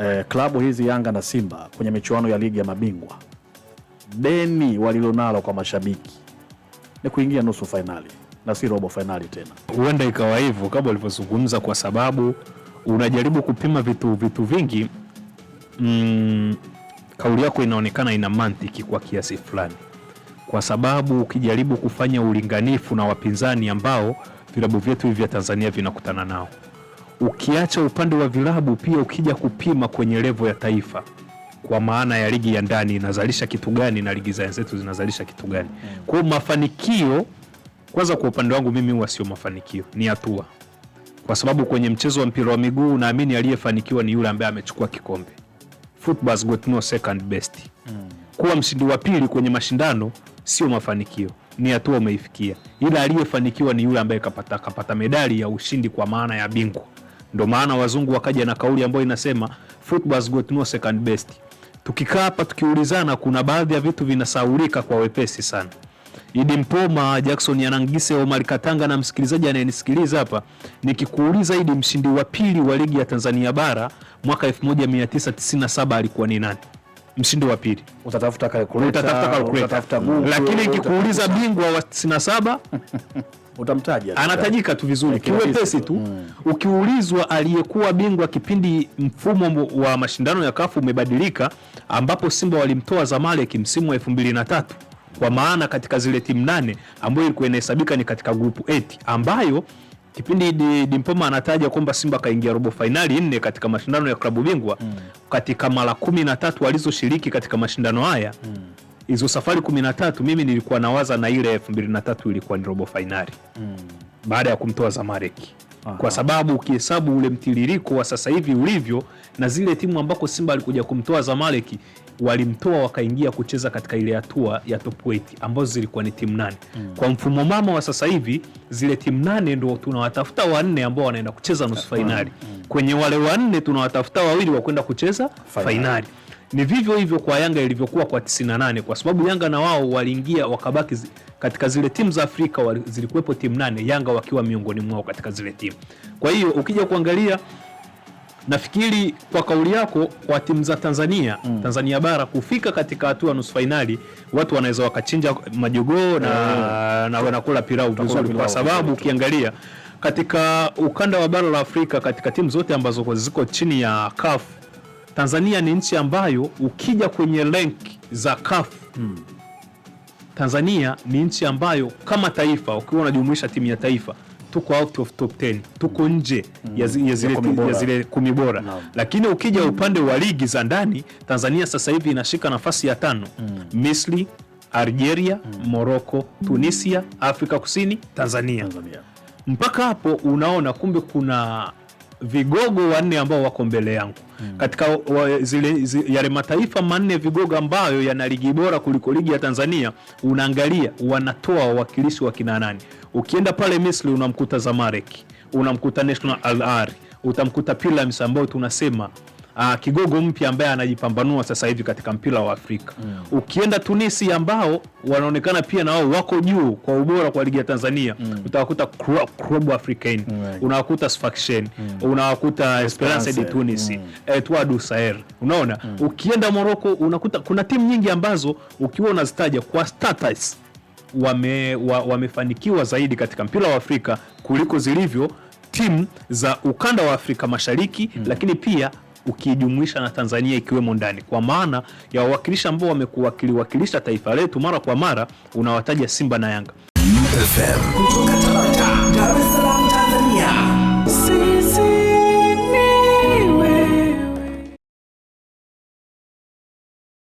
eh, klabu hizi Yanga na Simba kwenye michuano ya ligi ya mabingwa, deni walilonalo kwa mashabiki ni kuingia nusu fainali na si robo fainali tena. Huenda ikawa hivyo kama ulivyozungumza, kwa sababu unajaribu kupima vitu vitu vingi. Mm, kauli yako inaonekana ina mantiki kwa kiasi fulani, kwa sababu ukijaribu kufanya ulinganifu na wapinzani ambao vilabu vyetu hivi vya Tanzania vinakutana nao Ukiacha upande wa vilabu, pia ukija kupima kwenye levo ya taifa, kwa maana ya ligi ya ndani inazalisha kitu gani na ligi za zetu zinazalisha kitu gani. Hmm. Kwa mafanikio, kwanza kwa upande wangu mimi huwa sio mafanikio, ni hatua, kwa sababu kwenye mchezo wa mpira wa miguu naamini aliyefanikiwa ni yule ambaye amechukua kikombe. Football's got no second best. Hmm. Kuwa mshindi wa pili kwenye mashindano sio mafanikio, ni hatua umeifikia, ila aliyefanikiwa ni yule ambaye kapata, kapata medali ya ushindi kwa maana ya bingwa Ndo maana wazungu wakaja na kauli ambayo inasema football's got no second best. Tukikaa hapa tukiulizana, kuna baadhi ya vitu vinasaulika kwa wepesi sana. Idi Mpoma, Jackson Yanangise, Omar Katanga na msikilizaji anayenisikiliza hapa, nikikuuliza Idi, mshindi wa pili wa ligi ya Tanzania bara mwaka 1997 alikuwa ni nani? Mshindi wa pili utatafuta calculator, utatafuta kalkuleta, lakini nikikuuliza bingwa wa 97 utamtaja, anatajika tu vizuri kiwepesi tu mm. Ukiulizwa aliyekuwa bingwa kipindi mfumo wa mashindano ya kafu umebadilika, ambapo Simba walimtoa Zamalek msimu wa tatu kwa maana katika zile timu nane ambayo ilikuwa inahesabika ni katika grupu 8 ambayo kipindi Dimpoma anataja kwamba Simba kaingia robo fainali nne katika mashindano ya klabu bingwa mm. katika mara kumi na tatu alizoshiriki katika mashindano haya mm hizo safari kumi na tatu mimi nilikuwa nawaza na ile elfu mbili na tatu ilikuwa ni robo fainali mm. baada ya kumtoa Zamalek Aha. kwa sababu ukihesabu ule mtiririko wa sasa hivi ulivyo na zile timu ambako Simba alikuja kumtoa Zamalek walimtoa wakaingia kucheza katika ile hatua ya top 8 ambazo zilikuwa ni timu nane mm. Kwa mfumo mama wa sasa hivi zile timu nane ndo tunawatafuta wanne ambao wanaenda kucheza nusu fainali mm. Kwenye wale wanne tunawatafuta wawili wa kwenda kucheza fainali ni vivyo hivyo kwa Yanga ilivyokuwa kwa 98 kwa sababu Yanga na wao waliingia wakabaki zi, katika zile timu za Afrika zilikuwepo timu nane, Yanga wakiwa miongoni mwao katika zile timu. Kwa hiyo ukija kuangalia nafikiri kwa kauli yako kwa timu za Tanzania mm. Tanzania bara kufika katika hatua nusu fainali, watu wanaweza wakachinja majogoo na, mm. na wanakula pilau vizuri, kwa sababu ukiangalia katika ukanda wa bara la Afrika katika timu zote ambazo ziko chini ya kafu Tanzania ni nchi ambayo ukija kwenye rank za CAF hmm. Tanzania ni nchi ambayo kama taifa ukiwa unajumuisha timu ya taifa tuko out of top 10 tuko nje mm, ya zile kumi bora no. Lakini ukija upande wa ligi za ndani Tanzania sasa hivi inashika nafasi ya tano mm. Misri, Algeria mm. Morocco, Tunisia, Afrika Kusini, Tanzania, Tanzania. Mpaka hapo unaona kumbe kuna vigogo wanne ambao wako mbele yangu mm. katika wa, zile, zile, yale mataifa manne vigogo ambayo yana ligi bora kuliko ligi ya Tanzania, unaangalia wanatoa wawakilishi wa kina nani. Ukienda pale Misri unamkuta Zamalek, unamkuta National Al Ahly, utamkuta Pyramids ambao tunasema uh, kigogo mpya ambaye anajipambanua sasa hivi katika mpira wa Afrika mm. Ukienda Tunisi ambao wanaonekana pia na wao wako juu kwa ubora kwa ligi ya Tanzania mm. Utawakuta Club Africain mm. Unawakuta Sfaxien mm. Unawakuta Esperance de Tunis mm. Etoile du Sahel unaona mm. Ukienda Morocco unakuta kuna timu nyingi ambazo ukiwa unazitaja kwa status wame wamefanikiwa zaidi katika mpira wa Afrika kuliko zilivyo timu za ukanda wa Afrika Mashariki mm. Lakini pia ukijumuisha na Tanzania ikiwemo ndani, kwa maana ya wawakilishi ambao wamekuwakilisha taifa letu mara kwa mara, unawataja Simba na Yanga.